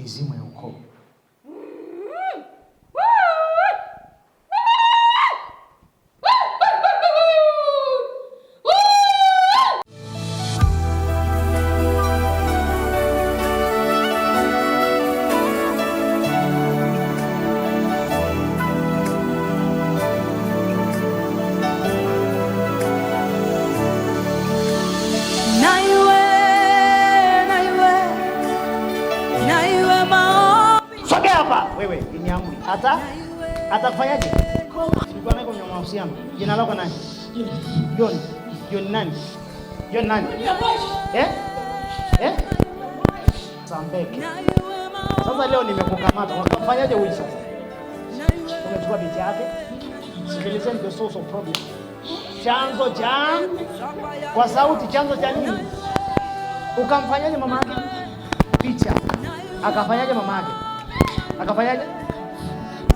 enzima ya ukoo hapa wewe, ni amri hata atakufanyaje? Nilikuwa nako mwenye mahusiano. Jina lako nani? John. John nani? John nani? Eh? Eh? Sambeke. Sasa leo nimekukamata. Unafanyaje wewe sasa? Unachukua binti yake. Sikilizeni the source of problem. Chanzo cha kwa sauti, chanzo cha nini? Ukamfanyaje mama yake? Picha. Akafanyaje mama yake? Akafanyaje?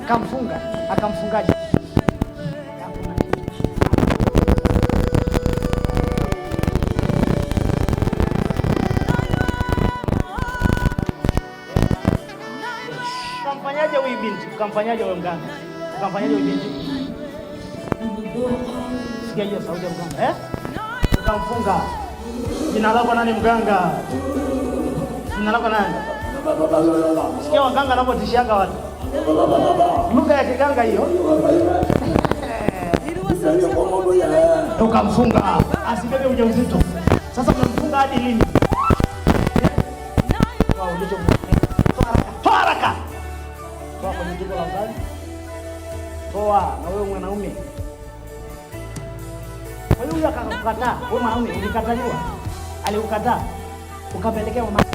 Akamfunga. Akamfungaje? Kamfanyaje huyu binti? Kamfanyaje huyo mganga? Kamfanyaje huyu binti? Sikia hiyo sauti ya mganga eh? Ukamfunga. Jina lako nani mganga? Jina lako nani? Sikia waganga wanapotishianga watu, lugha ya kiganga hiyo. Tukamfunga asibebe ujauzito. Sasa tunamfunga hadi lini? Toa haraka, toa kwenye jimbo la uzazi, toa na wewe mwanaume. Kwa hiyo huyo akakukataa, wewe mwanaume ulikataliwa, alikukataa ukapelekea mama